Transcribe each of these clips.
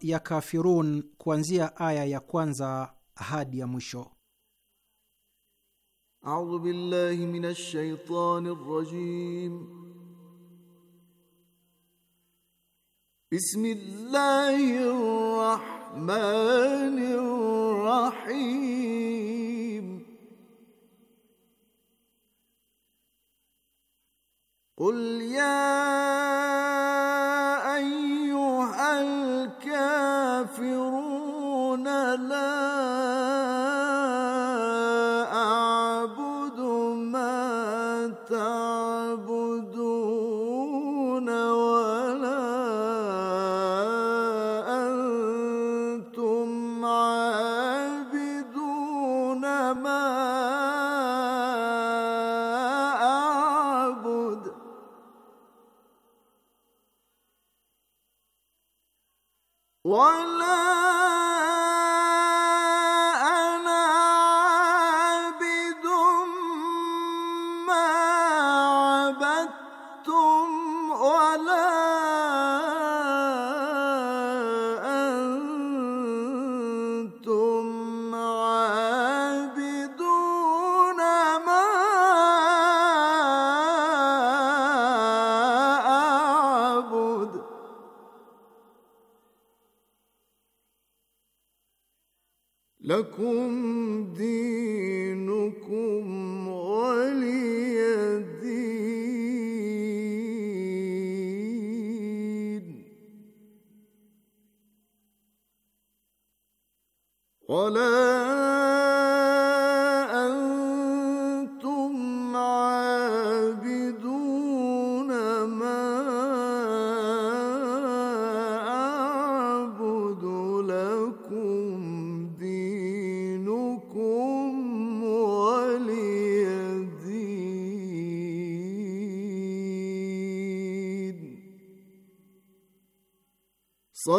ya Kafirun kuanzia aya ya kwanza hadi ya mwisho. A'udhu billahi minash shaitani rajim. Bismillahir rahmanir rahim. Qul ya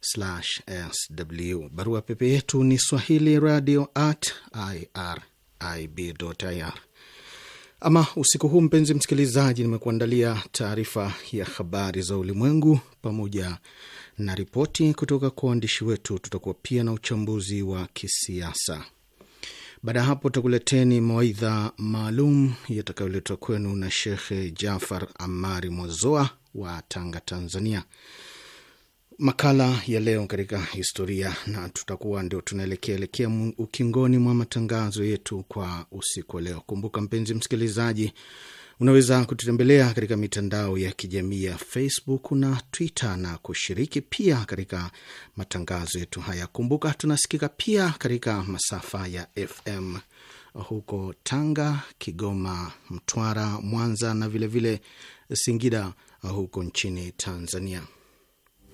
sw. Barua pepe yetu ni swahili radio at irib Ama usiku huu, mpenzi msikilizaji, nimekuandalia taarifa ya habari za ulimwengu pamoja na ripoti kutoka kwa waandishi wetu. Tutakuwa pia na uchambuzi wa kisiasa. Baada ya hapo, tutakuleteni mawaidha maalum yatakayoletwa kwenu na Shekhe Jafar Amari Mwazoa wa Tanga, Tanzania makala ya leo katika historia, na tutakuwa ndio tunaelekea elekea ukingoni mwa matangazo yetu kwa usiku wa leo. Kumbuka mpenzi msikilizaji, unaweza kututembelea katika mitandao ya kijamii ya Facebook na Twitter na kushiriki pia katika matangazo yetu haya. Kumbuka tunasikika pia katika masafa ya FM huko Tanga, Kigoma, Mtwara, Mwanza na vilevile vile Singida huko nchini Tanzania.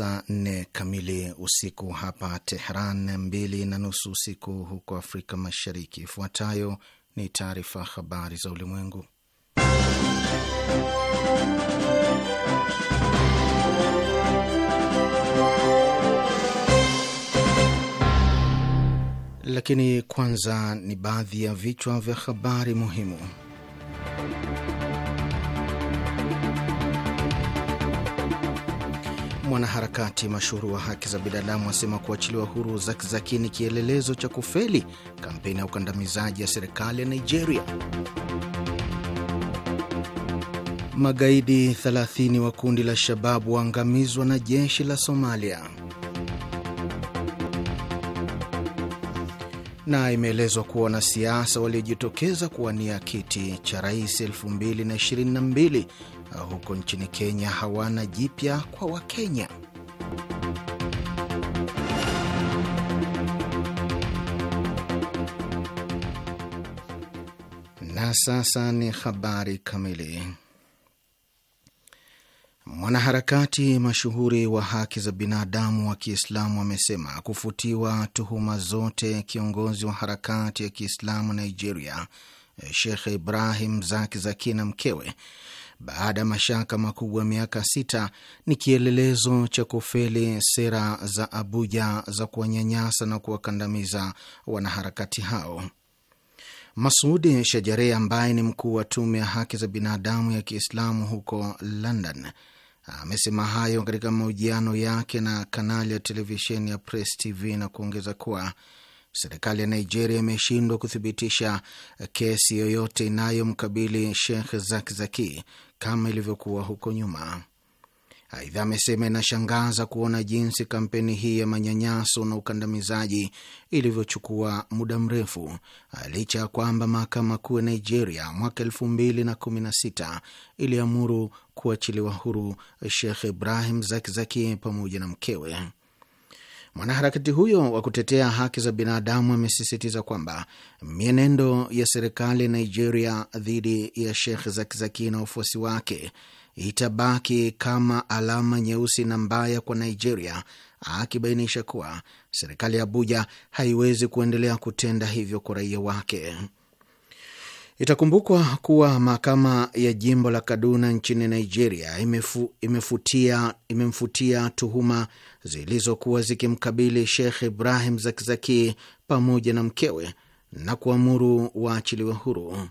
saa nne kamili usiku hapa Tehran, mbili na nusu usiku huko Afrika Mashariki. Ifuatayo ni taarifa habari za ulimwengu, lakini kwanza ni baadhi ya vichwa vya habari muhimu. Mwanaharakati mashuhuri wa haki za binadamu asema kuachiliwa huru Zakzaki ni kielelezo cha kufeli kampeni ya ukandamizaji ya serikali ya Nigeria. Magaidi 30 wa kundi la Shababu waangamizwa na jeshi la Somalia. Na imeelezwa kuwa wanasiasa waliojitokeza kuwania kiti cha rais 2022 Uh, huko nchini Kenya hawana jipya kwa Wakenya. Na sasa ni habari kamili. Mwanaharakati mashuhuri wa haki za binadamu wa Kiislamu amesema kufutiwa tuhuma zote kiongozi wa harakati ya Kiislamu Nigeria eh, shekhe Ibrahim Zaki Zaki na mkewe baada ya mashaka makubwa ya miaka sita, ni kielelezo cha kufeli sera za Abuja za kuwanyanyasa na kuwakandamiza wanaharakati hao. Masudi Shajare ambaye ni mkuu wa tume ya haki za binadamu ya Kiislamu huko London amesema hayo katika mahojiano yake na kanali ya televisheni ya Press TV na kuongeza kuwa serikali ya Nigeria imeshindwa kuthibitisha kesi yoyote inayomkabili Sheikh Zakzaki kama ilivyokuwa huko nyuma. Aidha, amesema inashangaza kuona jinsi kampeni hii ya manyanyaso na ukandamizaji ilivyochukua muda mrefu licha ya kwamba mahakama kuu ya Nigeria mwaka elfu mbili na kumi na sita iliamuru kuachiliwa huru Shekh Ibrahim Zakzaki pamoja na mkewe. Mwanaharakati huyo wa kutetea haki za binadamu amesisitiza kwamba mienendo ya serikali ya Nigeria dhidi ya Sheikh Zakzaki na wafuasi wake itabaki kama alama nyeusi na mbaya kwa Nigeria, akibainisha kuwa serikali ya Abuja haiwezi kuendelea kutenda hivyo kwa raia wake. Itakumbukwa kuwa mahakama ya jimbo la Kaduna nchini Nigeria imefu, imefutia, imemfutia tuhuma zilizokuwa zikimkabili sheikh Ibrahim Zakzaki pamoja na mkewe na kuamuru waachiliwe huru.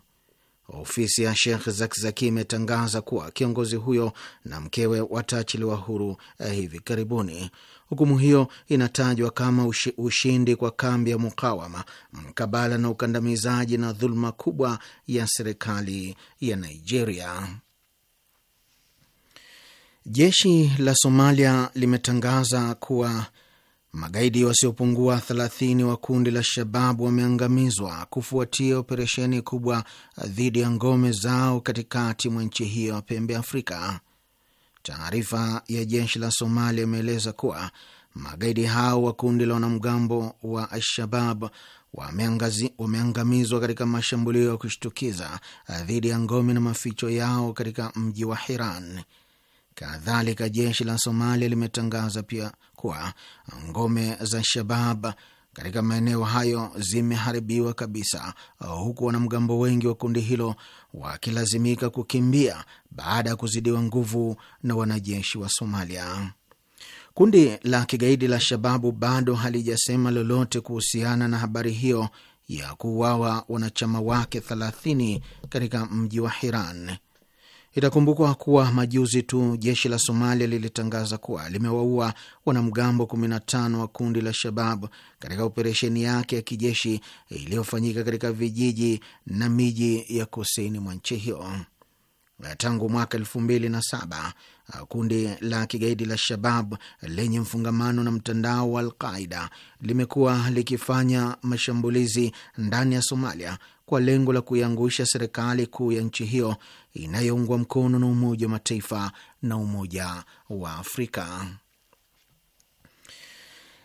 Ofisi ya sheikh Zakzaki imetangaza kuwa kiongozi huyo na mkewe wataachiliwa huru eh, hivi karibuni. Hukumu hiyo inatajwa kama ushindi kwa kambi ya mukawama mkabala na ukandamizaji na dhuluma kubwa ya serikali ya Nigeria. Jeshi la Somalia limetangaza kuwa magaidi wasiopungua 30 wa kundi la Shababu wameangamizwa kufuatia operesheni kubwa dhidi ya ngome zao katikati mwa nchi hiyo ya pembe Afrika. Taarifa ya jeshi la Somalia imeeleza kuwa magaidi hao wa kundi la wanamgambo wa Alshabab wameangamizwa katika mashambulio ya kushtukiza dhidi ya ngome na maficho yao katika mji wa Hiran. Kadhalika, jeshi la Somalia limetangaza pia kuwa ngome za Shabab katika maeneo hayo zimeharibiwa kabisa, huku wanamgambo wengi wa kundi hilo wakilazimika kukimbia baada ya kuzidiwa nguvu na wanajeshi wa Somalia. Kundi la kigaidi la Shababu bado halijasema lolote kuhusiana na habari hiyo ya kuuawa wanachama wake 30 katika mji wa Hiran. Itakumbukwa kuwa majuzi tu jeshi la Somalia lilitangaza kuwa limewaua wanamgambo 15 wa kundi la shababu katika operesheni yake ya kijeshi iliyofanyika katika vijiji na miji ya kusini mwa nchi hiyo tangu mwaka 2007. Ah, kundi la kigaidi la Shabab lenye mfungamano na mtandao wa Alqaida limekuwa likifanya mashambulizi ndani ya Somalia kwa lengo la kuiangusha serikali kuu ya nchi hiyo inayoungwa mkono na Umoja wa Mataifa na Umoja wa Afrika.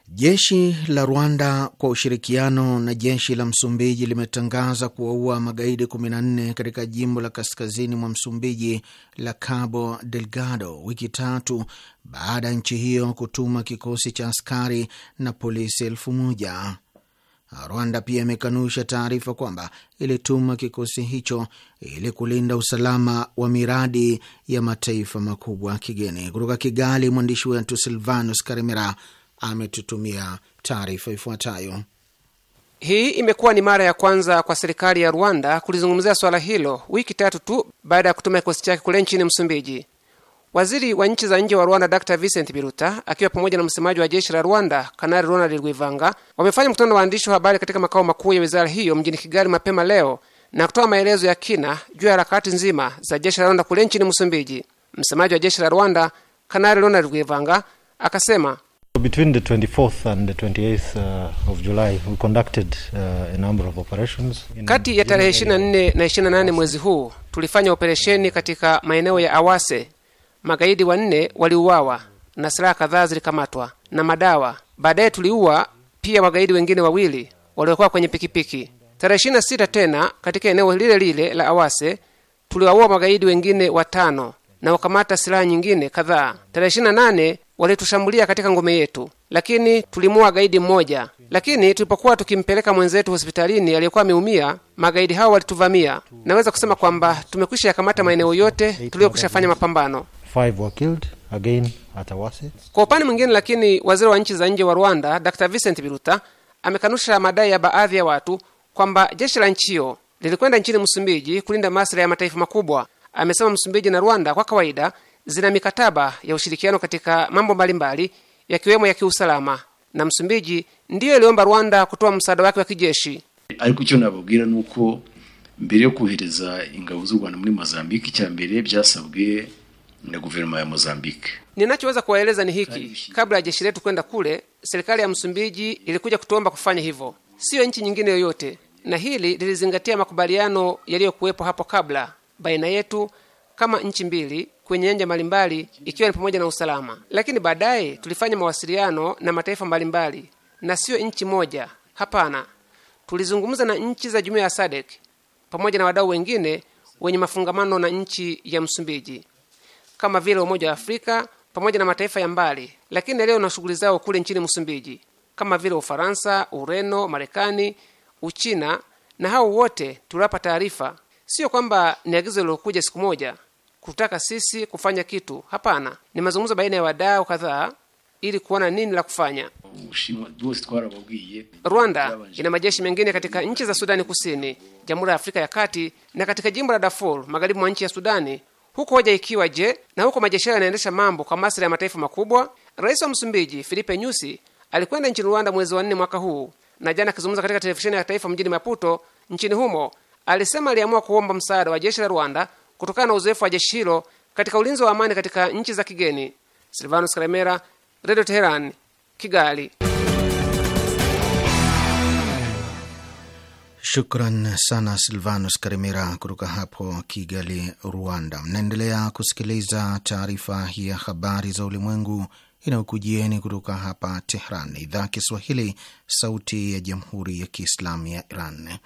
Jeshi la Rwanda kwa ushirikiano na jeshi la Msumbiji limetangaza kuwaua magaidi 14 katika jimbo la kaskazini mwa Msumbiji la Cabo Delgado, wiki tatu baada ya nchi hiyo kutuma kikosi cha askari na polisi elfu moja. Rwanda pia imekanusha taarifa kwamba ilituma kikosi hicho ili kulinda usalama wa miradi ya mataifa makubwa kigeni. Kutoka Kigali, mwandishi wetu Silvanus Karimera ametutumia taarifa ifuatayo. Hii imekuwa ni mara ya kwanza kwa serikali ya Rwanda kulizungumzia swala hilo wiki tatu tu baada ya kutuma kikosi chake kule nchini Msumbiji. Waziri wa nchi za nje wa Rwanda Dr Vincent Biruta akiwa pamoja na msemaji wa jeshi la Rwanda Kanali Ronald Rwivanga wamefanya mkutano wa waandishi wa habari katika makao makuu ya wizara hiyo mjini Kigali mapema leo na kutoa maelezo ya kina juu ya harakati nzima za jeshi la Rwanda kule nchini Msumbiji. Msemaji wa jeshi la Rwanda Kanali Ronald Rwivanga akasema Between the 24th and the 28th uh, of July we conducted uh, a number of operations. Kati ya tarehe 24 na 28 mwezi huu tulifanya operesheni katika maeneo ya Awase. Magaidi wanne waliuawa na silaha kadhaa zilikamatwa na madawa. Baadaye tuliua pia magaidi wengine wawili waliokuwa kwenye pikipiki. Tarehe 26 tena katika eneo lile lile la Awase tuliwaua magaidi wengine watano na wakamata silaha nyingine kadhaa. Tarehe 28 walitushambulia katika ngome yetu, lakini tulimua gaidi mmoja. Lakini tulipokuwa tukimpeleka mwenzetu hospitalini aliyekuwa ameumia, magaidi hao walituvamia. Naweza kusema kwamba tumekwisha yakamata maeneo yote tuliyokwisha fanya mapambano. Kwa upande mwingine, lakini waziri wa nchi za nje wa Rwanda Dr Vincent Biruta amekanusha madai ya baadhi ya watu kwamba jeshi la nchi hiyo lilikwenda nchini Msumbiji kulinda maslahi ya mataifa makubwa. Amesema Msumbiji na Rwanda kwa kawaida zina mikataba ya ushirikiano katika mambo mbalimbali yakiwemo ya kiusalama, na Msumbiji ndiyo iliomba Rwanda kutoa msaada wake wa kijeshi. ariko icyo nababwira ni uko mbere yo kohereza ingabo z'u Rwanda muri Mozambique icya mbere byasabwe na guverinoma ya Mozambique. Ninachoweza kuwaeleza ni hiki: kabla ya jeshi letu kwenda kule, serikali ya Msumbiji ilikuja kutuomba kufanya hivyo, siyo nchi nyingine yoyote, na hili lilizingatia makubaliano yaliyokuwepo hapo kabla baina yetu kama nchi mbili kwenye nyanja mbalimbali ikiwa ni pamoja na usalama, lakini baadaye tulifanya mawasiliano na mataifa mbalimbali na siyo nchi moja. Hapana, tulizungumza na nchi za jumuiya ya SADC pamoja na wadau wengine wenye mafungamano na nchi ya Msumbiji kama vile Umoja wa Afrika pamoja na mataifa ya mbali, lakini leo na shughuli zao kule nchini Msumbiji kama vile Ufaransa, Ureno, Marekani, Uchina, na hao wote tuliwapa taarifa. Sio kwamba ni agizo lilokuja siku moja, kutaka sisi kufanya kitu. Hapana, ni mazungumzo baina ya wadau kadhaa ili kuona nini la kufanya. Rwanda ina majeshi mengine katika nchi za Sudani Kusini, Jamhuri ya Afrika ya Kati na katika jimbo la Darfur magharibi mwa nchi ya Sudani, huku hoja ikiwa je, na huko majeshi hayo yanaendesha mambo kwa maslahi ya mataifa makubwa. Rais wa Msumbiji Filipe Nyusi alikwenda nchini Rwanda mwezi wa nne mwaka huu, na jana akizungumza katika televisheni ya taifa mjini Maputo nchini humo, alisema aliamua kuomba msaada wa jeshi la Rwanda kutokana na uzoefu wa jeshi hilo katika ulinzi wa amani katika nchi za kigeni. Silvanus Karemera, Redio Teheran, Kigali. Shukran sana Silvanus Karimira kutoka hapo Kigali, Rwanda. Mnaendelea kusikiliza taarifa ya habari za ulimwengu inayokujieni kutoka hapa Tehran, idhaa Kiswahili, sauti ya jamhuri ya kiislamu ya Iran.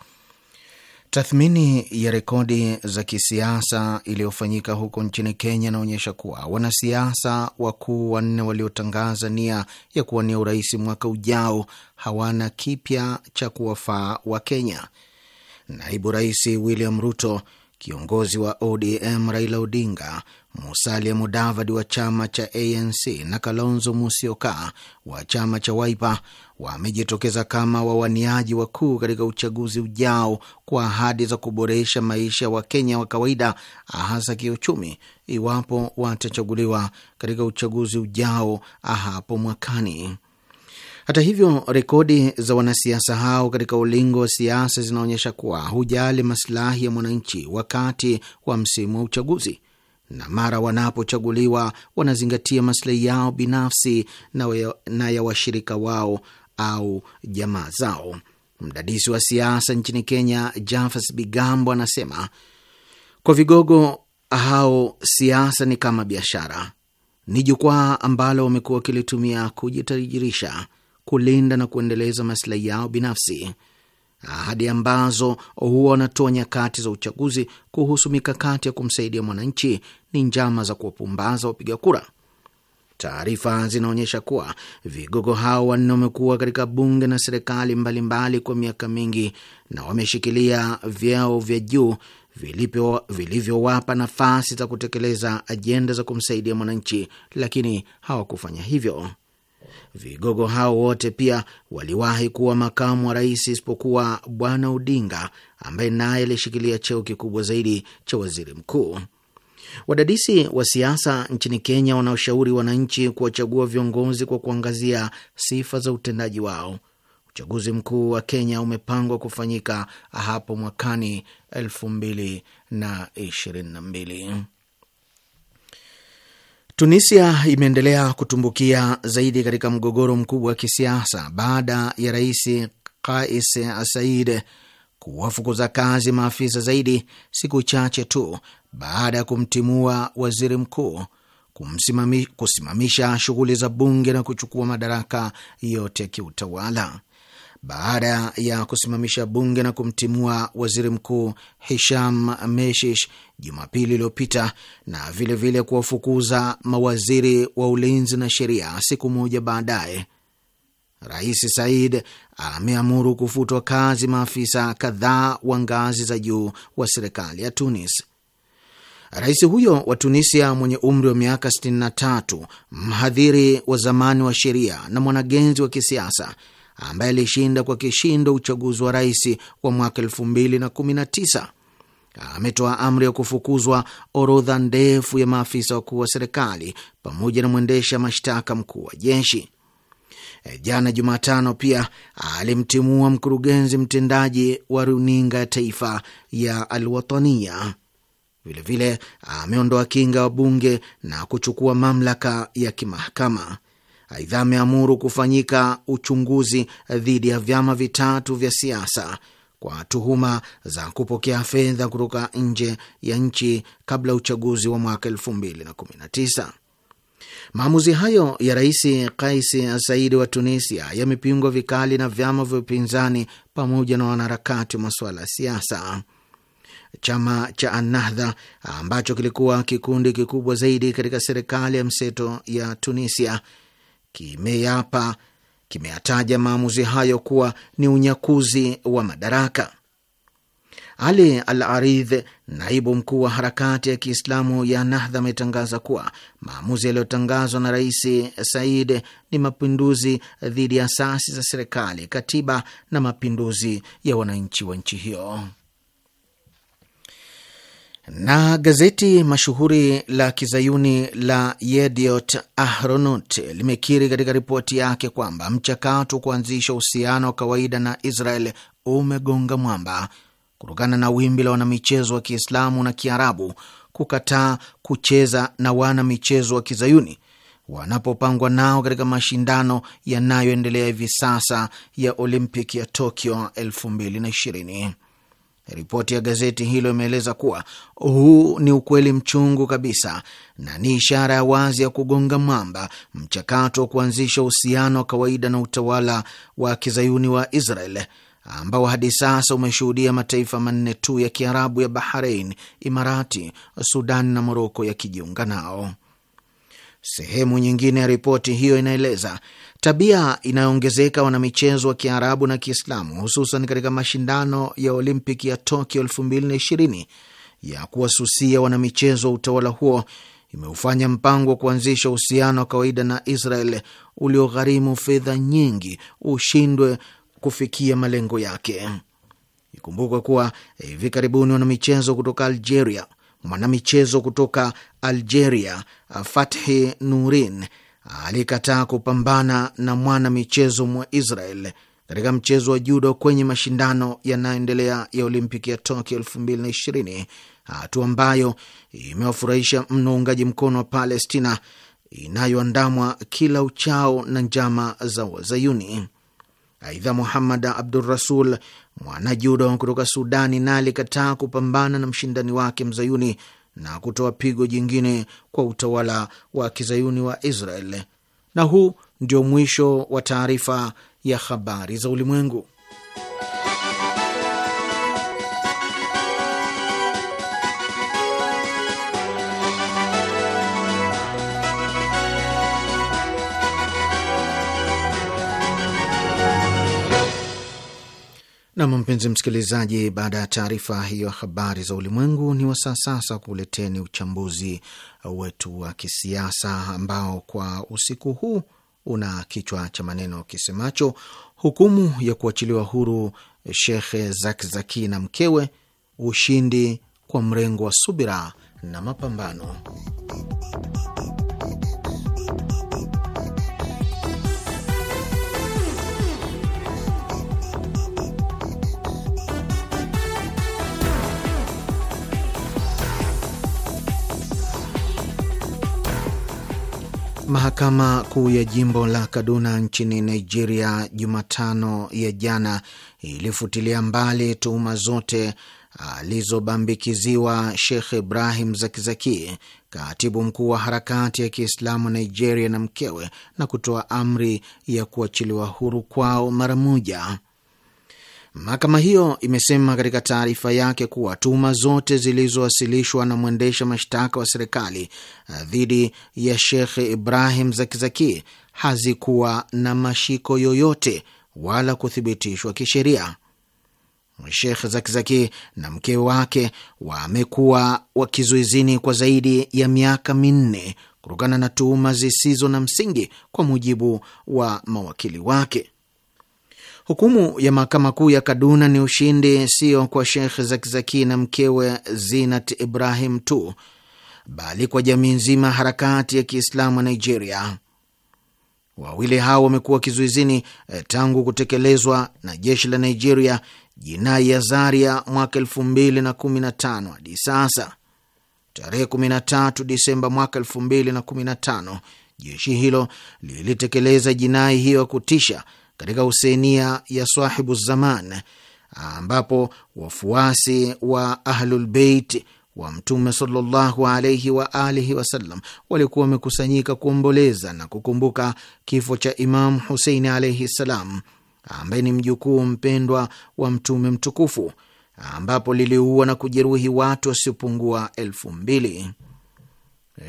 Tathmini ya rekodi za kisiasa iliyofanyika huko nchini Kenya inaonyesha kuwa wanasiasa wakuu wanne waliotangaza nia ya kuwania urais mwaka ujao hawana kipya cha kuwafaa wa Kenya. Naibu Rais William Ruto, kiongozi wa ODM Raila Odinga, Musalia Mudavadi wa chama cha ANC na Kalonzo Musyoka wa chama cha Wiper wamejitokeza kama wawaniaji wakuu katika uchaguzi ujao kwa ahadi za kuboresha maisha ya Wakenya wa kawaida, hasa kiuchumi, iwapo watachaguliwa katika uchaguzi ujao hapo mwakani. Hata hivyo, rekodi za wanasiasa hao katika ulingo wa siasa zinaonyesha kuwa hujali masilahi ya mwananchi wakati wa msimu wa uchaguzi na mara wanapochaguliwa wanazingatia maslahi yao binafsi na ya washirika wao au jamaa zao. Mdadisi wa siasa nchini Kenya, Jafas Bigambo, anasema kwa vigogo hao siasa ni kama biashara, ni jukwaa ambalo wamekuwa wakilitumia kujitajirisha, kulinda na kuendeleza masilahi yao binafsi, ahadi ambazo huwa wanatoa nyakati za uchaguzi kuhusu mikakati ya kumsaidia mwananchi ni njama za kuwapumbaza wapiga kura. Taarifa zinaonyesha kuwa vigogo hao wanne wamekuwa katika bunge na serikali mbalimbali kwa miaka mingi na wameshikilia vyao vya juu vilivyowapa nafasi za kutekeleza ajenda za kumsaidia mwananchi, lakini hawakufanya hivyo. Vigogo hao wote pia waliwahi kuwa makamu wa rais, isipokuwa Bwana Odinga ambaye naye alishikilia cheo kikubwa zaidi cha waziri mkuu. Wadadisi wa siasa nchini Kenya wanaoshauri wananchi kuwachagua viongozi kwa kuangazia sifa za utendaji wao. Uchaguzi mkuu wa Kenya umepangwa kufanyika hapo mwakani 2022. Tunisia imeendelea kutumbukia zaidi katika mgogoro mkubwa wa kisiasa baada ya Rais Kais Saied kuwafukuza kazi maafisa zaidi siku chache tu baada ya kumtimua waziri mkuu, kumsimami, kusimamisha shughuli za bunge na kuchukua madaraka yote ya kiutawala. Baada ya kusimamisha bunge na kumtimua waziri mkuu Hisham Meshish Jumapili iliyopita na vilevile kuwafukuza mawaziri wa ulinzi na sheria siku moja baadaye Rais Said ameamuru kufutwa kazi maafisa kadhaa wa ngazi za juu wa serikali ya Tunis. Rais huyo wa Tunisia mwenye umri wa miaka 63, mhadhiri wa zamani wa sheria na mwanagenzi wa kisiasa ambaye alishinda kwa kishindo uchaguzi wa rais wa mwaka 2019 ametoa amri ya kufukuzwa orodha ndefu ya maafisa wakuu wa serikali pamoja na mwendesha mashtaka mkuu wa jeshi. Eh, jana Jumatano pia alimtimua mkurugenzi mtendaji wa runinga ya taifa ya Alwatania. Vilevile ameondoa kinga wa bunge na kuchukua mamlaka ya kimahakama. Aidha, ameamuru kufanyika uchunguzi dhidi ya vyama vitatu vya siasa kwa tuhuma za kupokea fedha kutoka nje ya nchi kabla uchaguzi wa mwaka elfu mbili na kumi na tisa. Maamuzi hayo ya Rais Kais Saidi wa Tunisia yamepingwa vikali na vyama vya upinzani pamoja na wanaharakati wa masuala ya siasa. Chama cha Annahdha ambacho kilikuwa kikundi kikubwa zaidi katika serikali ya mseto ya Tunisia kimeyapa kimeyataja maamuzi hayo kuwa ni unyakuzi wa madaraka. Ali Al Aridh, naibu mkuu wa harakati ya Kiislamu ya Nahdha, ametangaza kuwa maamuzi yaliyotangazwa na Rais Said ni mapinduzi dhidi ya asasi za serikali, katiba na mapinduzi ya wananchi wa nchi hiyo. Na gazeti mashuhuri la kizayuni la Yediot Ahronot limekiri katika ripoti yake kwamba mchakato wa kuanzisha uhusiano wa kawaida na Israel umegonga mwamba kutokana na wimbi la wanamichezo wa Kiislamu na Kiarabu kukataa kucheza na wanamichezo wa Kizayuni wanapopangwa nao katika mashindano yanayoendelea hivi sasa ya Olimpiki ya Tokyo 2020. Ripoti ya gazeti hilo imeeleza kuwa huu ni ukweli mchungu kabisa na ni ishara ya wazi ya kugonga mwamba mchakato wa kuanzisha uhusiano wa kawaida na utawala wa Kizayuni wa Israel ambao hadi sasa umeshuhudia mataifa manne tu ya Kiarabu ya Bahrain, Imarati, Sudan na Moroko yakijiunga nao. Sehemu nyingine ya ripoti hiyo inaeleza tabia inayoongezeka wanamichezo wa Kiarabu na Kiislamu, hususan katika mashindano ya Olimpiki ya Tokyo 2020 ya kuwasusia wanamichezo wa utawala huo imeufanya mpango wa kuanzisha uhusiano wa kawaida na Israel uliogharimu fedha nyingi ushindwe kufikia malengo yake. Ikumbuka kuwa eh, hivi karibuni wanamichezo kutoka Algeria, mwanamichezo kutoka Algeria eh, Fathi Nurin alikataa kupambana na mwanamichezo mwa Israel katika mchezo wa judo kwenye mashindano yanayoendelea ya Olimpiki ya Tokyo 2020, hatua ambayo imewafurahisha mno uungaji mkono wa Palestina inayoandamwa kila uchao na njama za Wazayuni. Aidha, Muhammad mwana mwanajudo kutoka Sudani naye alikataa kupambana na mshindani wake mzayuni na kutoa pigo jingine kwa utawala wa kizayuni wa Israel. Na huu ndio mwisho wa taarifa ya habari za ulimwengu. Nam, mpenzi msikilizaji, baada ya taarifa hiyo habari za ulimwengu, ni wasaa sasa kuleteni uchambuzi wetu wa kisiasa ambao kwa usiku huu una kichwa cha maneno kisemacho hukumu ya kuachiliwa huru Shekhe Zakzaki na mkewe, ushindi kwa mrengo wa subira na mapambano. Mahakama Kuu ya jimbo la Kaduna nchini Nigeria Jumatano ya jana ilifutilia mbali tuhuma zote alizobambikiziwa Sheikh Ibrahim Zakizaki, katibu mkuu wa harakati ya Kiislamu Nigeria, na mkewe na kutoa amri ya kuachiliwa huru kwao mara moja. Mahakama hiyo imesema katika taarifa yake kuwa tuhuma zote zilizowasilishwa na mwendesha mashtaka wa serikali eh, dhidi ya Shekh Ibrahim Zakizaki hazikuwa na mashiko yoyote wala kuthibitishwa kisheria. Shekh Zakizaki na mke wake wamekuwa wakizuizini kwa zaidi ya miaka minne kutokana na tuhuma zisizo na msingi, kwa mujibu wa mawakili wake. Hukumu ya mahakama kuu ya Kaduna ni ushindi sio kwa Sheikh Zakzaki na mkewe Zinat Ibrahim tu bali kwa jamii nzima harakati ya Kiislamu ya Nigeria. Wawili hao wamekuwa kizuizini eh, tangu kutekelezwa na jeshi la Nigeria jinai ya Zaria mwaka elfu mbili na kumi na tano hadi sasa. Tarehe 13 Disemba mwaka elfu mbili na kumi na tano jeshi hilo lilitekeleza jinai hiyo ya kutisha katika Husenia ya Swahibu Zaman, ambapo wafuasi wa Ahlulbeit wa Mtume sallallahu alaihi wa alihi wasallam walikuwa wamekusanyika kuomboleza na kukumbuka kifo cha Imamu Huseini alaihi ssalam, ambaye ni mjukuu mpendwa wa Mtume mtukufu, ambapo liliua na kujeruhi watu wasiopungua elfu mbili.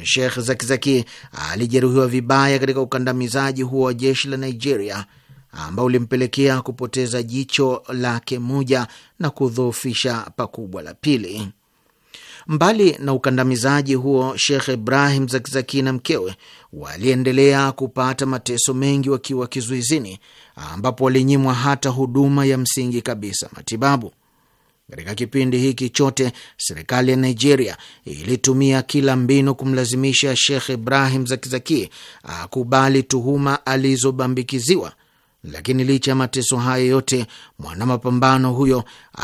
Sheikh Zakizaki alijeruhiwa vibaya katika ukandamizaji huo wa jeshi la Nigeria ambao ulimpelekea kupoteza jicho lake moja na kudhoofisha pakubwa la pili. Mbali na ukandamizaji huo, Shekh Ibrahim zakizaki na mkewe waliendelea kupata mateso mengi wakiwa kizuizini, ambapo walinyimwa hata huduma ya msingi kabisa, matibabu. Katika kipindi hiki chote, serikali ya Nigeria ilitumia kila mbinu kumlazimisha Shekh Ibrahim zakizaki akubali tuhuma alizobambikiziwa lakini licha ya mateso hayo yote, mwanamapambano huyo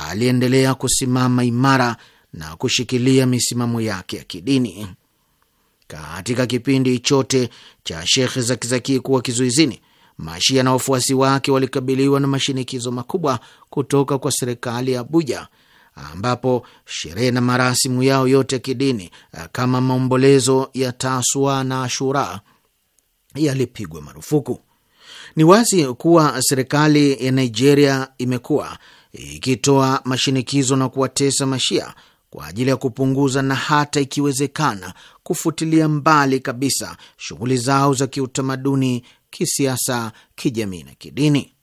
aliendelea kusimama imara na kushikilia misimamo yake ya kidini. Katika kipindi chote cha Shekhe Zakizaki kuwa kizuizini, Mashia na wafuasi wake walikabiliwa na mashinikizo makubwa kutoka kwa serikali ya Abuja, ambapo sherehe na marasimu yao yote ya kidini eh, kama maombolezo ya taswa na Ashura yalipigwa marufuku. Ni wazi kuwa serikali ya Nigeria imekuwa ikitoa mashinikizo na kuwatesa Mashia kwa ajili ya kupunguza na hata ikiwezekana kufutilia mbali kabisa shughuli zao za kiutamaduni, kisiasa, kijamii na kidini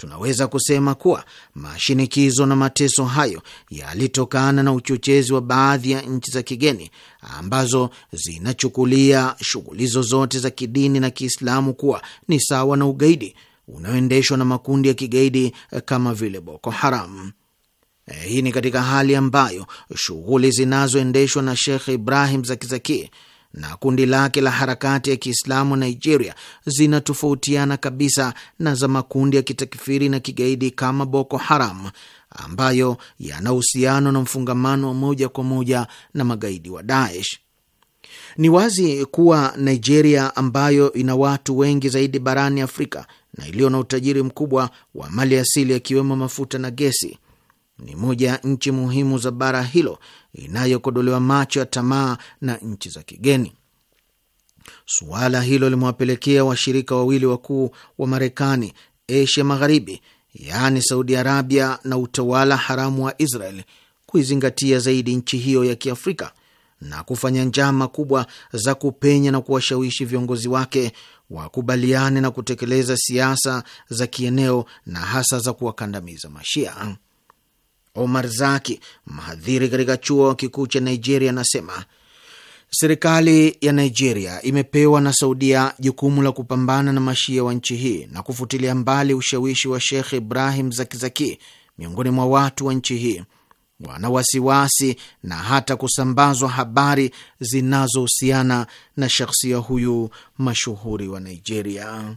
tunaweza kusema kuwa mashinikizo na mateso hayo yalitokana na uchochezi wa baadhi ya nchi za kigeni ambazo zinachukulia shughuli zozote za kidini na Kiislamu kuwa ni sawa na ugaidi unaoendeshwa na makundi ya kigaidi eh, kama vile Boko Haram. Eh, hii ni katika hali ambayo shughuli zinazoendeshwa na Shekh Ibrahim Zakizaki na kundi lake la harakati ya Kiislamu Nigeria zinatofautiana kabisa na za makundi ya kitakfiri na kigaidi kama Boko Haram ambayo yana uhusiano na mfungamano wa moja kwa moja na magaidi wa Daesh. Ni wazi kuwa Nigeria ambayo ina watu wengi zaidi barani Afrika na iliyo na utajiri mkubwa wa mali asili yakiwemo mafuta na gesi ni moja ya nchi muhimu za bara hilo inayokodolewa macho ya tamaa na nchi za kigeni. Suala hilo limewapelekea washirika wawili wakuu wa Marekani Asia Magharibi, yaani Saudi Arabia na utawala haramu wa Israel kuizingatia zaidi nchi hiyo ya Kiafrika na kufanya njama kubwa za kupenya na kuwashawishi viongozi wake wakubaliane na kutekeleza siasa za kieneo na hasa za kuwakandamiza Mashia. Omar Zaki, mhadhiri katika chuo kikuu cha Nigeria, anasema serikali ya Nigeria imepewa na Saudia jukumu la kupambana na mashia wa nchi hii na kufutilia mbali ushawishi wa Shekh Ibrahim Zakizaki miongoni mwa watu wa nchi hii. Wana wasiwasi na hata kusambazwa habari zinazohusiana na shakhsia huyu mashuhuri wa Nigeria.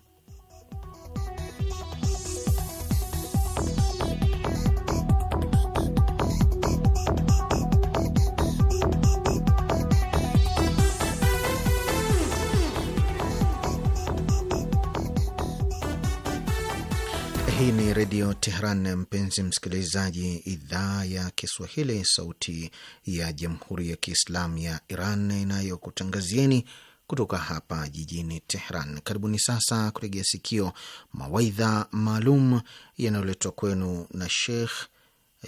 Hii ni Redio Tehran, mpenzi msikilizaji, idhaa ya Kiswahili, sauti ya Jamhuri ya Kiislamu ya Iran inayokutangazieni kutoka hapa jijini Tehran. Karibuni sasa kuregea sikio mawaidha maalum yanayoletwa kwenu na Sheikh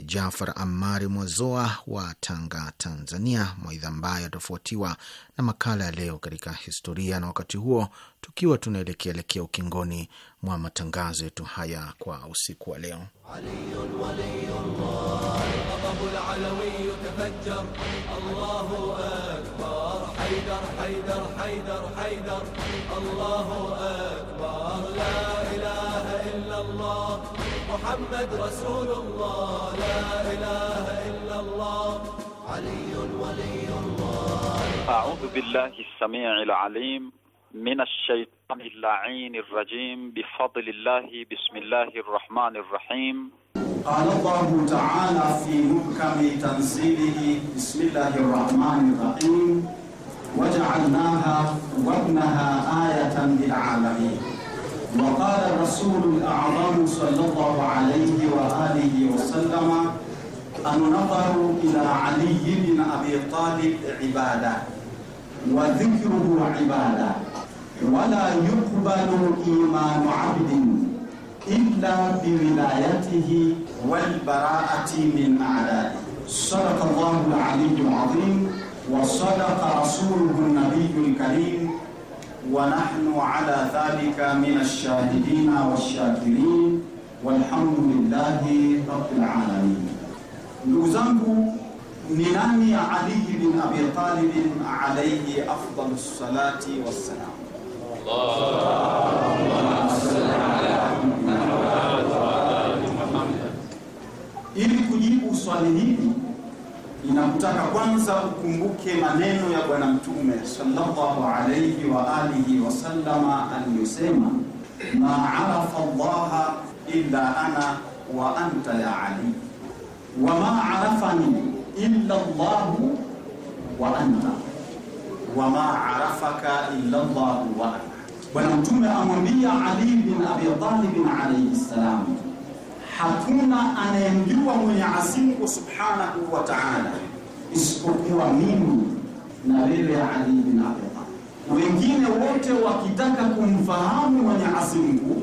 Jafar Amari Mwazoa wa Tanga, Tanzania, mawaidha ambayo yatafuatiwa na makala ya leo katika historia, na wakati huo tukiwa tunaelekea elekea ukingoni mwa matangazo yetu haya kwa usiku wa leo. محمد رسول الله لا إله إلا الله علي ولي الله أعوذ بالله السميع العليم من الشيطان اللعين الرجيم بفضل الله بسم الله الرحمن الرحيم قال الله تعالى في محكم تنزيله بسم الله الرحمن الرحيم وجعلناها وابنها آية للعالمين وقال الرسول الأعظم صلى الله عليه وآله وسلم النظر إلى علي بن أبي طالب عبادة وذكره عبادة ولا يقبل إيمان عبد إلا بولايته والبراءة من أعدائه صدق الله العلي العظيم وصدق رسوله النبي الكريم ونحن على ذلك من الشاهدين والشاكرين walhamdu lillahi rabbil alamin. Ndugu zangu, ni nani Ali bin Abi Talib alayhi afdalu salati wassalam? Ili kujibu swali hili inakutaka kwanza ukumbuke maneno ya Bwana Mtume sallallahu alayhi wa alihi sallama aliyosema, ma arafa llaha illa ana wa anta ya ali wa ma arafani illa llahu wa anta wa ma arafaka illa llahu wa ana Bwana Mtume amwambia Ali bin Abi Talib alayhi salam hakuna anayemjua Mwenyezi Mungu Subhanahu wa Ta'ala isipokuwa mimi na wewe Ali bin Abi Talib. Wengine wote wakitaka kumfahamu Mwenyezi Mungu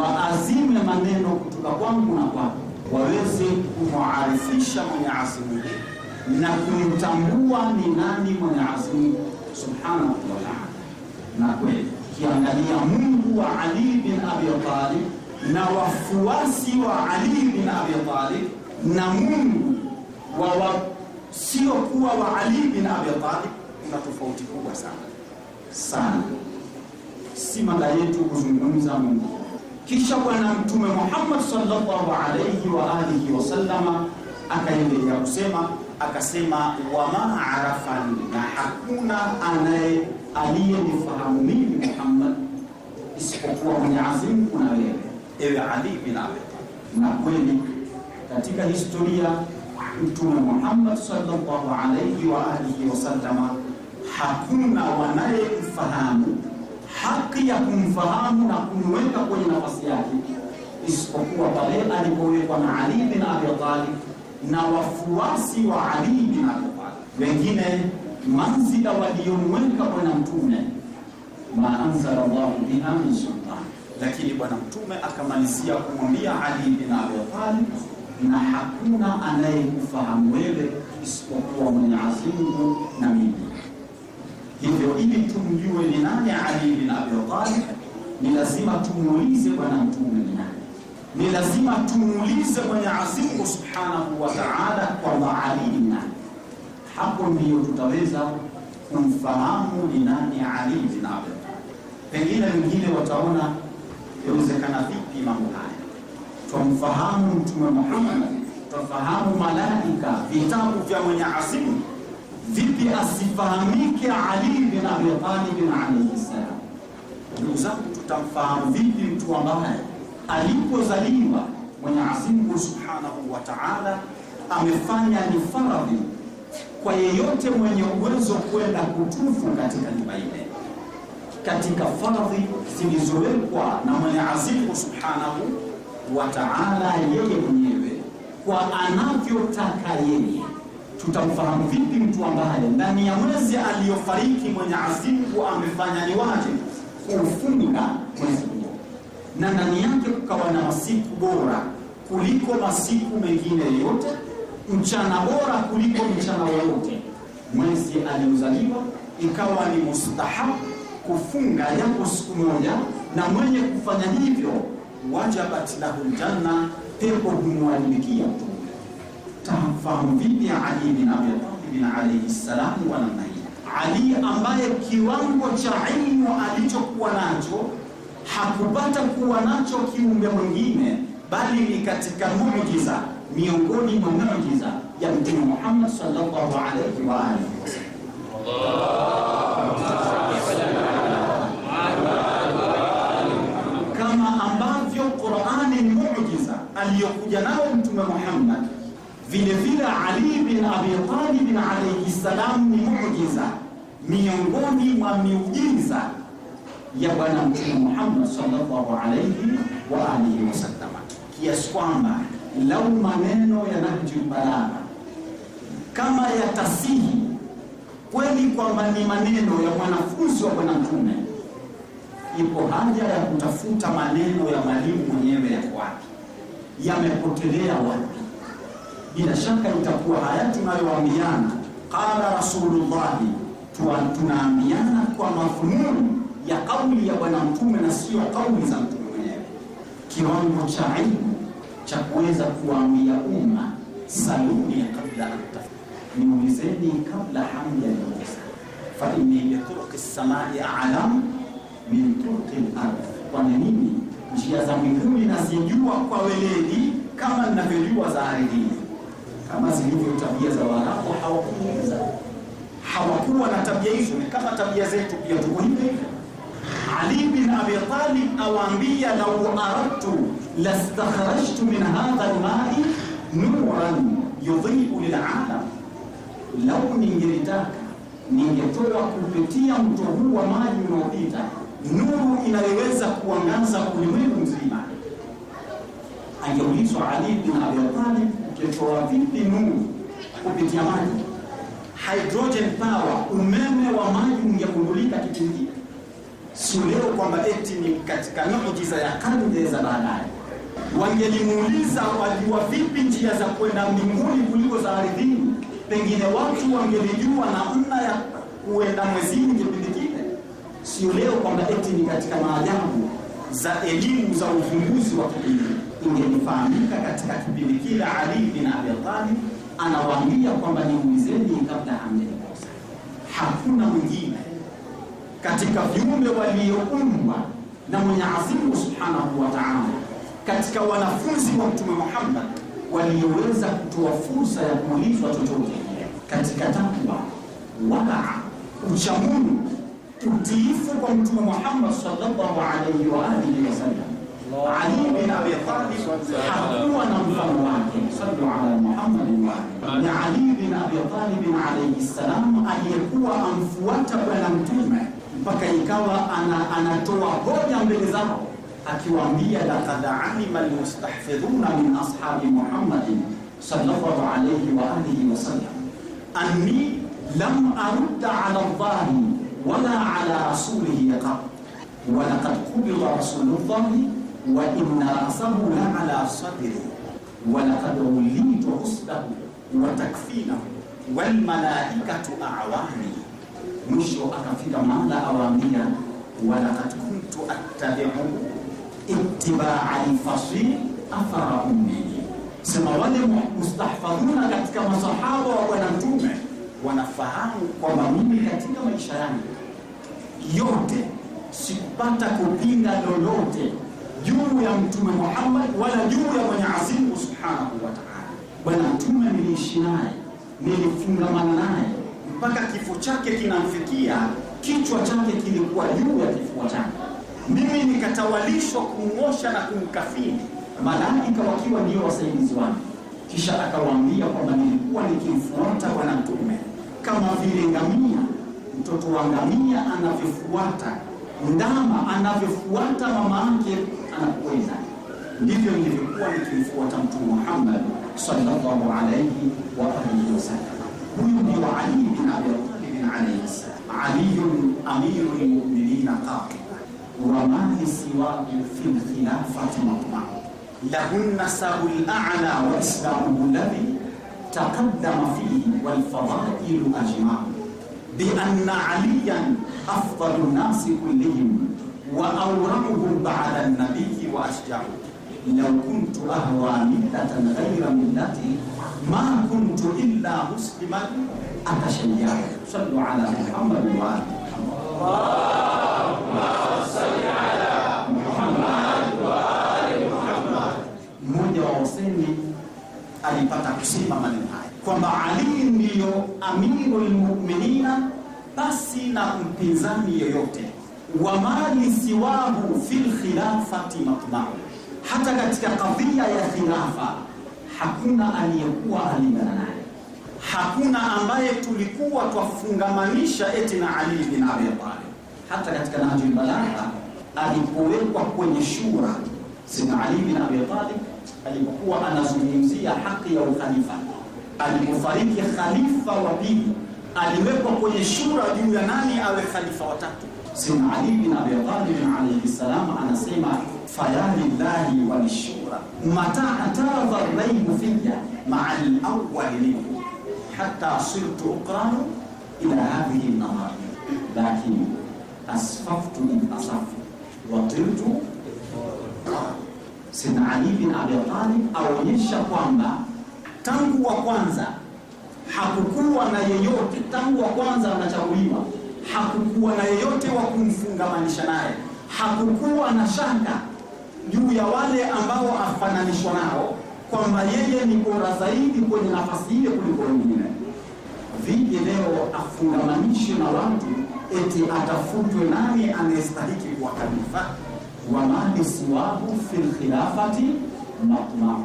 waazime maneno kutoka kwangu na kwako, waweze kumuarifisha Mwenyezi Mungu na kumtambua ni nani Mwenyezi Mungu Subhanahu wa Ta'ala. Na kweli kiangalia Mungu wa Ali bin Abi Talib na wafuasi wa Ali bin Abi Talib na Mungu wa wasiokuwa wa Ali bin Abi Talib kuna tofauti kubwa sana sana. Si mada yetu kuzungumza Mungu. Kisha Bwana Mtume Muhammad sallallahu alayhi wa alihi sallama akaendelea kusema akasema, wama arafani, na hakuna anaye aliyenifahamu mimi Muhammad isipokuwa Mwenyezi Mungu na wewe ewe Ali bin Abi Talib. Na kweli katika historia Mtume Muhammad sallallahu alayhi wa alihi wasallama hakuna wanayemfahamu haki ya kumfahamu na kumweka kwenye nafasi yake isipokuwa pale alipowekwa na Ali bin Abi Talib na wafuasi wa Ali bin Abi Talib. Wengine manzila waliyomweka kwa Mtume ma anzala Allahu biha min sultani lakini bwana mtume akamalizia kumwambia Ali bin Abi Talib, na hakuna anayekufahamu wewe isipokuwa Mwenyezi Mungu na mimi. Hivyo ili tumjue ni nani Ali bin Abi Talib, ni lazima tumuulize bwana mtume ni nani ni lazima tumuulize Mwenyezi Mungu Subhanahu wa Ta'ala kwamba Ali ni nani. Hapo ndiyo tutaweza kumfahamu ni nani Ali bin Abi Talib. Pengine wengine wataona yawezekana vipi mambo haya? Twamfahamu Mtume Muhammad, twafahamu malaika, vitabu vya mwenye Mungu, vipi asifahamike Ali bin Abi Talib alayhi Ndugu zangu, tutamfahamu vipi mtu ambaye alipozaliwa mwenye Mungu subhanahu wa taala amefanya ni faradhi kwa yeyote mwenye uwezo kwenda kutufu katika nyumba ile katika fardhi zilizowekwa na Mwenyezi Mungu Subhanahu wa Ta'ala yeye mwenyewe kwa anavyotaka yeye. Tutamfahamu vipi mtu ambaye ndani ya mwezi aliyofariki Mwenyezi Mungu amefanya ni wajibu kufunga mwezi huo, na ndani yake kukawa na masiku bora kuliko masiku mengine yote, mchana bora kuliko mchana wowote. Mwezi aliozaliwa ikawa ni mustahabu kufunga yapo siku moja, na mwenye kufanya hivyo wajabat lahu ljanna, pepo humwalimikia. Tafahamu vipi Ali bin Abi Talibin alaihi salamu wa namna hii? Ali ambaye kiwango cha ilmu alichokuwa nacho hakupata kuwa nacho kiumbe mwingine, bali ni katika muujiza miongoni mwa muujiza ya Mtume Muhammad sallallahu alaihi wa alihi wasallam. aliyokuja nao Mtume Muhammad. Vile vile Ali bin Abi Talib alayhi salam ni muujiza miongoni mwa miujiza ya Bwana Mtume Muhammad sallallahu alayhi wa alihi wasallam, kiasi kwamba lau maneno ya Nahjul Balagha kama yatasihi kweli kwamba ni maneno ya mwanafunzi wa Bwana Mtume, ipo haja ya kutafuta maneno ya mwalimu mwenyewe yako wapi yamepotelea wapi? Bila shaka itakuwa haya tunayoambiana, qala rasulullahi, tunaambiana kwa madhumuni ya kauli ya Bwana Mtume na sio kauli za mtume mwenyewe. Kiwango cha ilmu cha kuweza kuambia umma saluni ya kabla anta, niulizeni kabla hamjaniuliza. fa inni bituruqi samai alam min turuqi lardi, kwani mimi njia za mbinguni nazijua kwa weledi kama ninavyojua za ardhini. Kama zilivyo tabia za Waarabu, hawakuweza hawakuwa na tabia hizo, ni kama tabia zetu pia, tuko hivyo Ali bin Abi Talib awaambia, lau aradtu lastakhrajtu min hadha almai nuran yudhiu lilalam, lau ningelitaka ningetoa kupitia mto huu wa maji unaopita nuru inayoweza kuangaza ulimwengu mzima. Angeulizwa Ali bin Abi Talib, ukitoa vipi nuru kupitia maji? Hydrogen power, umeme wa maji ungegundulika kipindi sio leo kwamba eti ni katika miujiza ya karne za baadaye. Wangelimuuliza wajua vipi njia za kwenda mbinguni kuliko za ardhini, pengine watu wangelijua namna ya kuenda mwezini kipindi sio leo kwamba eti ni katika maajabu za elimu za uvumbuzi wa kidini. Ingelifahamika katika kipindi kile Ali bin Abi Talib anawaambia kwamba niulizeni kabla hamjanikosa. Hakuna mwingine katika viumbe walioumbwa na Mwenyezi Mungu Subhanahu wa Ta'ala, katika wanafunzi wa Mtume Muhammad walioweza kutoa fursa ya kuulizwa chochote katika takwa, waraa, uchamungu تضيفكم to محمد صلى الله عليه وآله وسلم علي بن أبي طالب حقوا ننفر عنه صلوا على محمد وآله لعلي بن أبي طالب عليه السلام aliyekuwa amfuata bwana mtume mpaka ikawa ana, anatoa hoja mbele zao akiwaambia laqad alima almustahfidhuna min ashabi muhammadin sallallahu alayhi wa alihi wasallam anni lam arudda ala llahi wala ala rasulihi yaqab walaqad qubida rasulullahi wa inna rasahu la ala sadri walaqad ulitu usdahu wa takfinahu walmalaikatu awani, mwisho akafika mahala awaambia walaqad kuntu attabiu ittibaa lfasih athara ummi, sema wale mustahfadhuna katika masahaba wa Bwana Mtume wanafahamu kwamba mimi katika maisha yangu yote sikupata kupinga lolote juu ya Mtume Muhammad wala juu ya Mwenyezi Mungu Subhanahu wa Ta'ala. Bwana Mtume niliishi naye, nilifungamana naye mpaka kifo chake kinamfikia, kichwa chake kilikuwa juu ya kifua chake. Mimi nikatawalishwa kumng'osha na kumkafini, malaika wakiwa ndio wasaidizi wangu kisha akawaambia kwamba nilikuwa nikimfuata Bwana Mtume kama vile ngamia, mtoto wa ngamia anavyofuata ndama, anavyofuata mama yake anakwenda, ndivyo nilivyokuwa nikimfuata Mtume Muhammad sallallahu alayhi wa alihi wasallam. Huyu ndio Ali bin Abi Talib alayhi salam, Aliyun amirul lmuminina qatiba wa ma fi lkhilafati matmau لهن السب الأعلى وإسلامه الذي تقدم فيه والفضائل أجمع بأن عليا أفضل الناس كلهم وأورعهم بعد النبي وأشجعه لو كنت أهوى ملة غير ملتي ما كنت إلا مسلما أتشيع صلوا على محمد محمد اللهم صل Huseini alipata kusema maneno haya kwamba Ali ndiyo amiru lmuminina basi na mpinzani yoyote wa mali siwahu fi lkhilafati matbau, hata katika kadhia ya khilafa hakuna aliyekuwa alingana naye, hakuna ambaye tulikuwa twafungamanisha eti na Ali bin Abi Talib. Hata katika Nahjul Balagha alipowekwa kwenye shura, sina Ali bin Abi Talib alipokuwa anazungumzia haki ya ukhalifa. Alipofariki khalifa wa pili, aliwekwa kwenye shura juu ya nani awe khalifa watatu. Sayyidina Ali bin Abi Talib alayhi salam anasema fala lillahi wa lishura mataa taradha raibu fiya maa lawali minhu hata sirtu uqranu ila hadhihi nawaib, lakini asfaftu in asaftu wa Sayyidina Ali bin Abi Talib aonyesha kwamba tangu wa kwanza hakukuwa na yeyote, tangu wa kwanza anachaguliwa, hakukuwa na yeyote wa kumfungamanisha naye, hakukuwa na shaka juu ya wale ambao afananishwa nao kwamba yeye ni bora zaidi kwenye nafasi ile kuliko wengine. Vipi leo afungamanishwe na watu eti atafutwe nani anayestahiki kuwa khalifa? wama iswabu fil khilafati matmau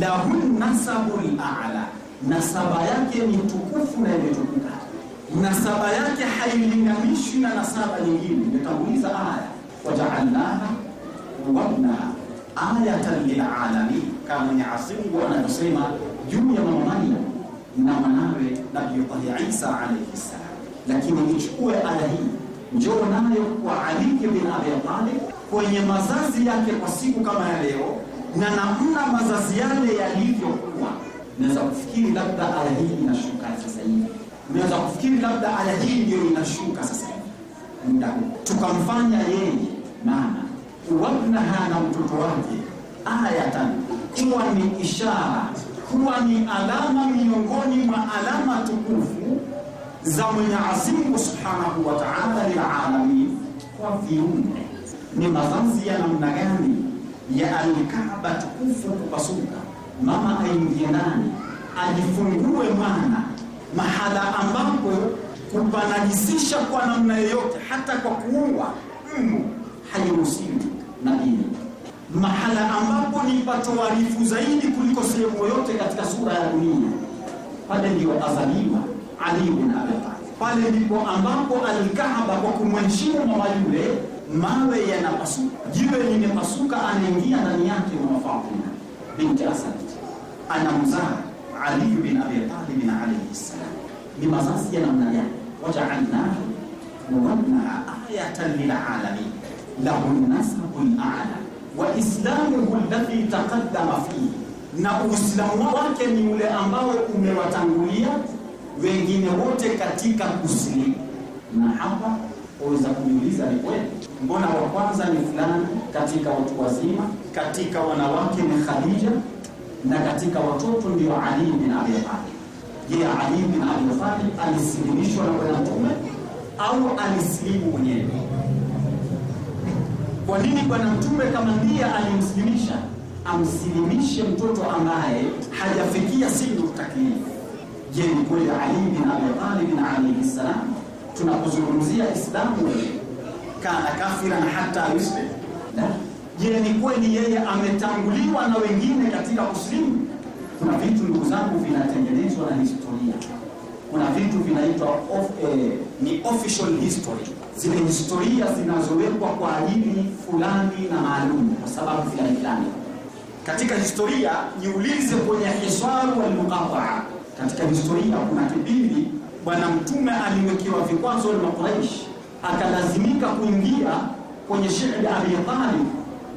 lahu nasabul a'la, nasaba yake ni tukufu na imetukuka. Nasaba yake hailinganishwi na nasaba nyingine. Imetanguliza aya wajaalnaha wabnaha ayatan lilalamin, kama Mwenyezi Mungu anayosema juu ya mama Maryam na mwanawe Nabiyullahi Isa alayhi salam. Lakini nichukue aya hii, njoo nayo kwa Ali bin Abi Talib kwenye mazazi yake kwa siku kama ya leo na namna mazazi yale yalivyokuwa, unaweza kufikiri labda aya hii inashuka sasa hivi, unaweza kufikiri labda aya hii ndio inashuka sasa hivi muda huu, tukamfanya yeye maana wabnaha, na mtoto wake ayatan, kuwa ni ishara, kuwa ni alama miongoni mwa alama tukufu za Mwenyezi Mungu Subhanahu wa Ta'ala lilalamin, kwa viumbe ni mavazi ya namna gani ya Alkaaba tukufu kupasuka, mama aingie ndani ajifungue mwana, mahala ambapo kupanajisisha kwa namna yoyote, hata kwa kuua mbu hairuhusiwi na dini, mahala ambapo ni patoarifu zaidi kuliko sehemu yoyote katika sura ya dunia, pale ndio azaliwa Ali bin Abi Talib, pale ndipo ambapo Alkaaba kwa kumheshimu mama yule mawe yanapasuka, jiwe limepasuka, anaingia ndani yake mama Fatima binti Asad, anamzaa Ali bin Abi Talib alayhi salam. Ni mazazi ya namna gani? wajaalnahu nuwallaa ayatan lilalamin lahu nasabun ala wa islamuhu alladhi taqaddama fihi, na uislamu wake ni ule ambao umewatangulia wengine wote katika kusilimu. Na hapa waweza kujiuliza ni kweli, mbona wa kwanza ni fulani, katika watu wazima, katika wanawake ni Khadija, na katika watoto ndio Ali bin Abi Talib. Je, Ali bin Abi Talib alisilimishwa na bwana Mtume au alisilimu mwenyewe? Kwa nini bwana Mtume kama ndiye alimsilimisha amsilimishe mtoto ambaye hajafikia sindu taklifu? Je, ni kweli Ali bin Abi Talib alayhi salam tunapozungumzia Islamu kana na hata yuslim, je, ni kweli yeye ametanguliwa na wengine katika kusilimu? Kuna vitu ndugu zangu vinatengenezwa na historia. Kuna vitu vinaitwa of, eh, ni official history, zile historia zinazowekwa kwa ajili fulani na maalum kwa sababu fulani fulani katika historia. niulize kwenye hisaru wal katika historia kuna kipindi Bwana Mtume aliwekewa vikwazo na Quraish, akalazimika kuingia kwenye shida ya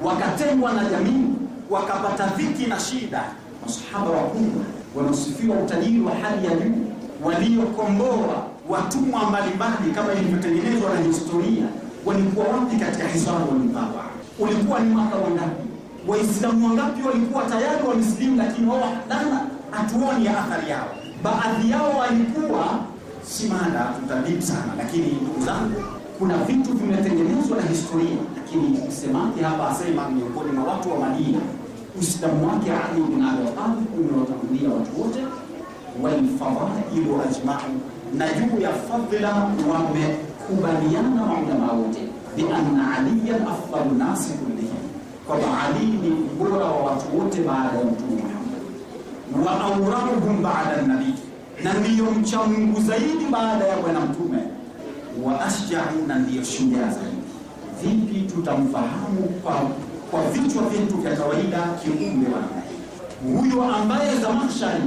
wakatengwa na jamii, wakapata dhiki na shida. Masahaba wakubwa wanasifiwa utajiri wa hali ya juu, waliokomboa watumwa mbalimbali kama ilivyotengenezwa na historia. Walikuwa wapi katika hisabu walmutaba? Ulikuwa ni mwaka wangapi? Waislamu wangapi walikuwa tayari wamesilimu, lakini wao hatuoni athari yao. Baadhi yao walikuwa si mada tutadibu sana, lakini ndugu zangu, kuna vitu vimetengenezwa na historia, lakini msemaji hapa asema miongoni mwa watu wa Madina Uislamu wake Ali bin Abi Talib umewatangulia watu wote, walfadailu ajmau, na juu ya fadhila wamekubaliana maulama wote bi anna aliyan afdalu nasi kullihim, kwamba Ali ni mbora wa watu wote baada ya Mtume Muhammad wa aurahuhum baada nabii na ndiyo mcha Mungu zaidi baada ya Bwana Mtume wa ashjau, na ndiyo shujaa zaidi. Vipi tutamfahamu kwa, kwa vichwa vyetu vya kawaida kiumbe wa namna hii? Huyo ambaye Zamanshari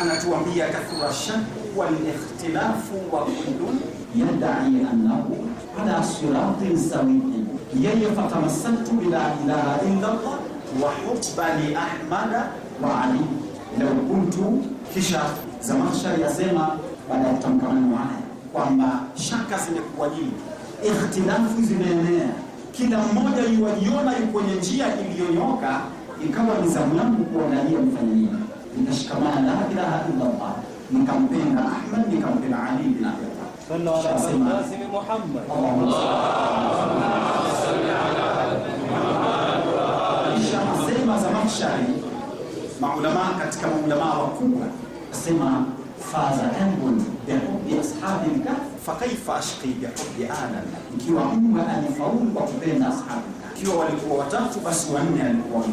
anatuambia kathura shaku walikhtilafu wa kullun yadai annahu ala siratin sawiin, yeye fatamassaltu bila ilaha illa Allah wa hubba li ahmada wa ali law kuntu kisha Zamasha yasema baada ya kutamka maneno haya kwamba shaka zimekuwa nyingi, ikhtilafu zimeenea, kila mmoja yuwajiona yu kwenye njia iliyonyoka. Ikawa ni zamu yangu kuangalia mfanya nini. Nikashikamana la ilaha illa Allah, nikampenda Ahmad, nikampenda Ali bin Abi Talib. Shasema Zamakshari, maulamaa katika maulamaa wakubwa sema fazakambun bihubi ashabi lkafi fakaifa ashqi bihubi anan, ikiwa Umar alifaulu kwa kupenda ashabi ikiwa walikuwa watatu basi wanne alikuwa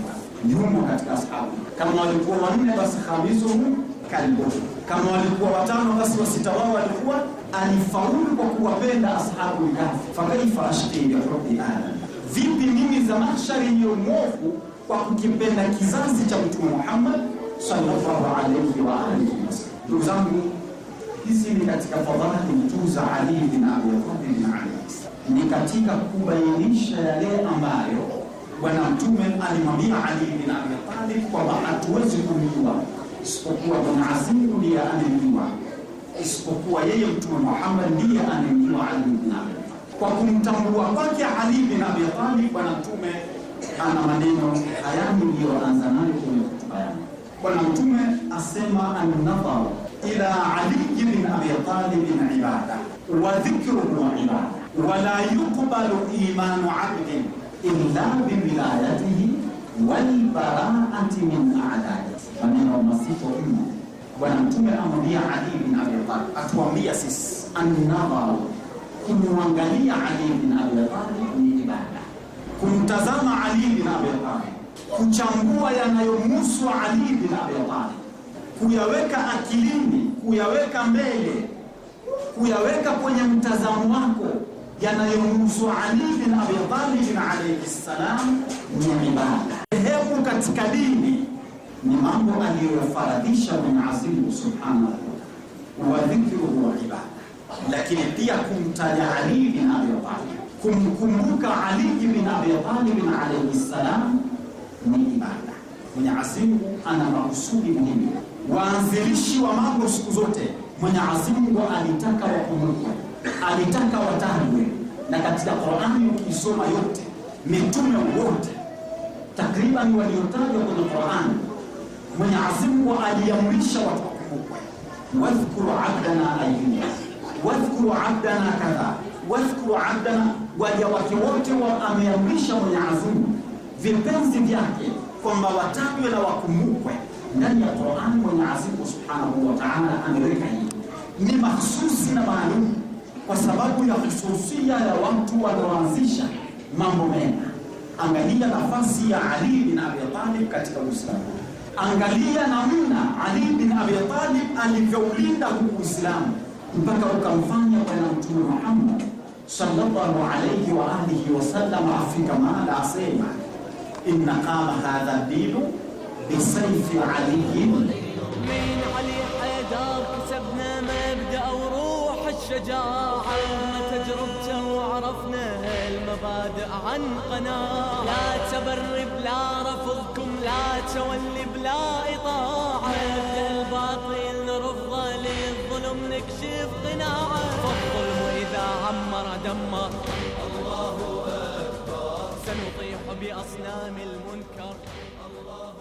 nyuma katika ashabu. Kama walikuwa wanne basi khamisuhum kalbuhu, kama walikuwa watano basi wasita wao walikuwa alifaulu kwa kuwapenda ashabu lkafi. Fakaifa ashqi bihubi anan, vipi mimi Zamahshari niyo mwovu kwa kukipenda kizazi cha Mtume Muhammad sallallahu alayhi wa alihi wasallam. Ndugu zangu, hizi ni katika fadhali tu za Ali bin Abi Talib alayhi ni katika kubainisha yale ambayo Bwana Mtume alimwambia Ali bin Abi Talib kwamba hatuwezi kumjua isipokuwa Bwana Azimu ndiye anayemjua, isipokuwa yeye Mtume Muhammad ndiye anayemjua Ali bin Abi Kwa kumtambua kwake Ali bin Abi Talib, Bwana Mtume ana maneno hayani ndiyo nayo kwenye hotuba yake Bwana Mtume asema annadharu ila Ali bin Abi Talib ibada wa dhikruhu ibada wala yuqbalu imanu abdin illa biwilayatihi walbaraati min adalati. Maneno mazito mno. Bwana Mtume amwambia Ali bin Abi Talib, atuambia sisi annadharu, kumwangalia Ali bin Abi Talib ni ibada, kumtazama Ali bin Abi Talib kuchambua yanayomhusu Ali bin Abi Talib, kuyaweka akilini, kuyaweka mbele, kuyaweka kwenye mtazamo wako yanayomhusu Ali bin Abi Talib alayhi salam ni ibada. Sehemu katika dini ni mambo aliyofaradhisha Mwenyezi Mungu Subhanahu wa dhikruhu wa ibada, lakini pia kumtaja Ali bin Abi Talib, kumkumbuka Ali bin Abi Talib alayhi salam ni ibada. Mwenyezi Mungu ana makusudi muhimu. Waanzilishi wa mambo siku zote Mwenyezi Mungu alitaka wakumbukwe, alitaka watandwe, na katika Qur'ani ukisoma yote mitume wote takriban waliotajwa kwenye Qur'ani Mwenyezi Mungu aliamrisha watu wakumbukwe, wadhkuru abdana ayyuba wadhkuru abdana kadha wadhkuru abdana, waja wake wote wa ameamrisha Mwenyezi Mungu vipenzi vyake kwamba watajwe na wakumbukwe ndani ya Qur'an. Mwenyezi Mungu Subhanahu wa Ta'ala ameweka hii ni mahsusi na maalum kwa sababu ya hususia ya watu wanaoanzisha mambo mema. Angalia nafasi ya Ali bin Abi Talib katika Uislamu, angalia namna Ali bin Abi Talib alivyoulinda huu Uislamu mpaka ukamfanya Bwana Mtume Muhammad sallallahu alayhi wa alihi wasallam afika mahala asema إن قام هذا الدين بسيف علي من علي حيدر كسبنا مبدأ وروح الشجاعة تجربته وعرفنا المبادئ عن قناعة لا تبر بلا رفضكم لا تولي بلا إطاعة الباطل نرفض للظلم نكشف قناعة فالظلم إذا عمر دمه بأصنام المنكر الله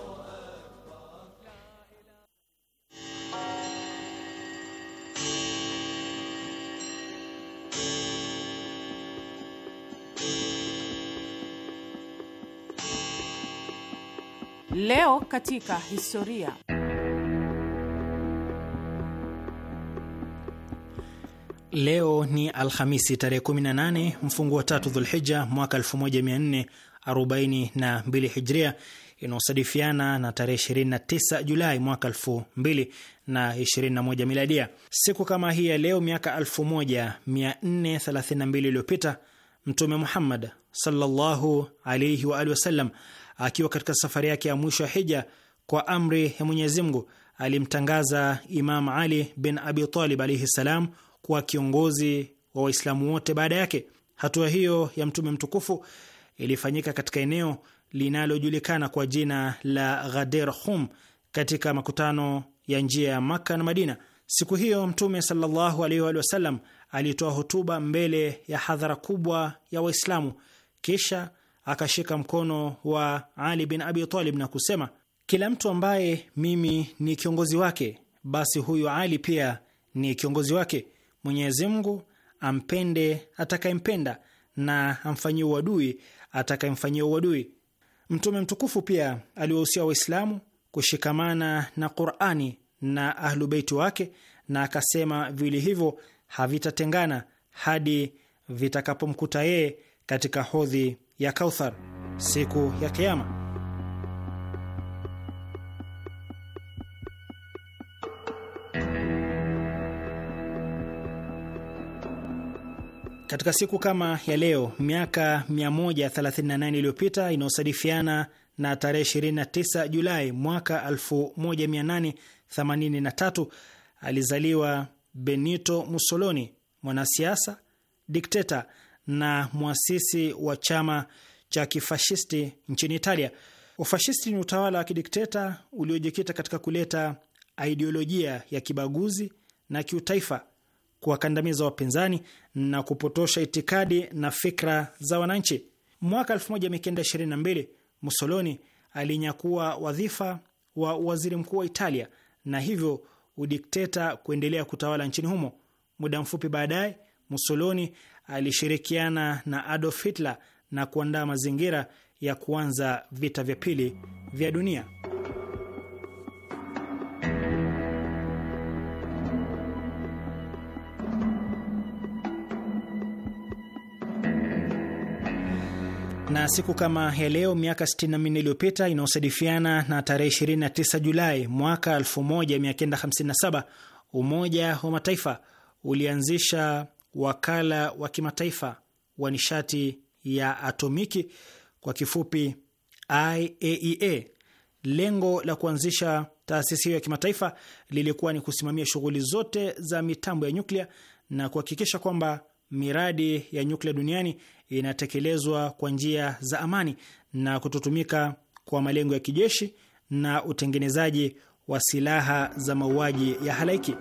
Leo katika historia. Leo ni Alhamisi tarehe 18 mfungu wa tatu Dhulhija mwaka 42 hijria inaosadifiana na tarehe 29 Julai mwaka 2021 miladia. Siku kama hii ya leo miaka 1432 iliyopita Mtume Muhammad sallallahu wa alihi wasallam akiwa katika safari yake ya mwisho ya hija kwa amri ya Mwenyezi Mungu alimtangaza Imam Ali bin Abi Talib alaihi ssalam kuwa kiongozi wa Waislamu wote baada yake. Hatua hiyo ya mtume mtukufu ilifanyika katika eneo linalojulikana kwa jina la Ghader hum katika makutano ya njia ya Makka na Madina. Siku hiyo Mtume sallallahu alaihi wa sallam alitoa hotuba mbele ya hadhara kubwa ya Waislamu, kisha akashika mkono wa Ali bin Abi Talib na kusema, kila mtu ambaye mimi ni kiongozi wake, basi huyu Ali pia ni kiongozi wake. Mwenyezi Mungu ampende atakayempenda na amfanyie uadui atakayemfanyia uadui. Mtume mtukufu pia aliwahusia Waislamu kushikamana na Qurani na Ahlubeiti wake na akasema viwili hivyo havitatengana hadi vitakapomkuta yeye katika hodhi ya Kauthar siku ya Kiama. Katika siku kama ya leo miaka 138 iliyopita inayosadifiana na tarehe 29 Julai mwaka 1883 alizaliwa Benito Mussolini, mwanasiasa, dikteta na mwasisi wa chama cha kifashisti nchini Italia. Ufashisti ni utawala wa kidikteta uliojikita katika kuleta aidiolojia ya kibaguzi na kiutaifa kuwakandamiza wapinzani na kupotosha itikadi na fikra za wananchi. Mwaka 1922 Mussolini alinyakua wadhifa wa waziri mkuu wa Italia na hivyo udikteta kuendelea kutawala nchini humo. Muda mfupi baadaye, Mussolini alishirikiana na Adolf Hitler na kuandaa mazingira ya kuanza vita vya pili vya dunia. na siku kama ya leo miaka 64 iliyopita inayosadifiana na tarehe 29 Julai mwaka 1957 Umoja wa Mataifa ulianzisha wakala wa kimataifa wa nishati ya atomiki kwa kifupi IAEA. E Lengo la kuanzisha taasisi hiyo ya kimataifa lilikuwa ni kusimamia shughuli zote za mitambo ya nyuklia na kuhakikisha kwamba miradi ya nyuklia duniani inatekelezwa kwa njia za amani na kutotumika kwa malengo ya kijeshi na utengenezaji wa silaha za mauaji ya halaiki.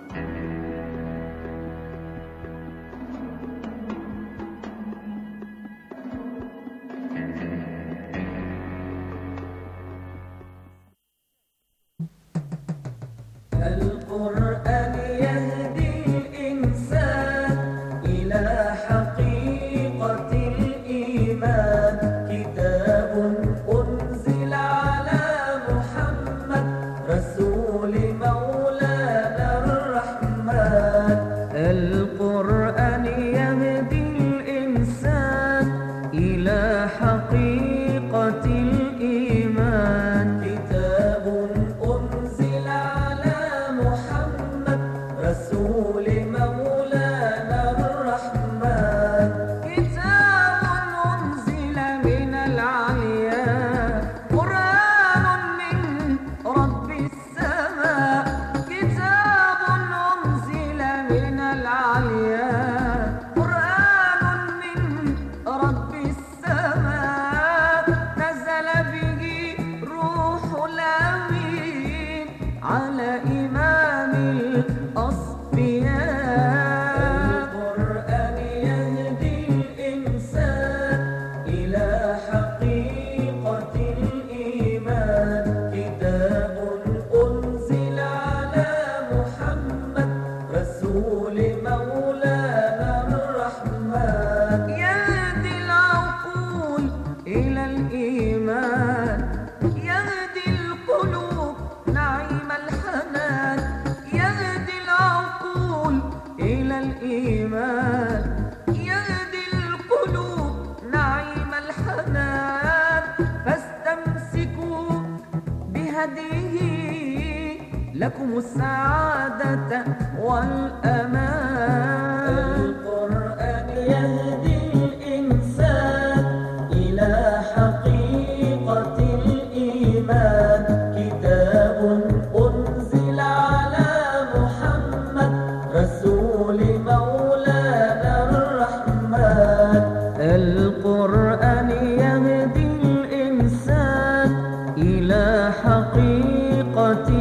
إلى حقيقتي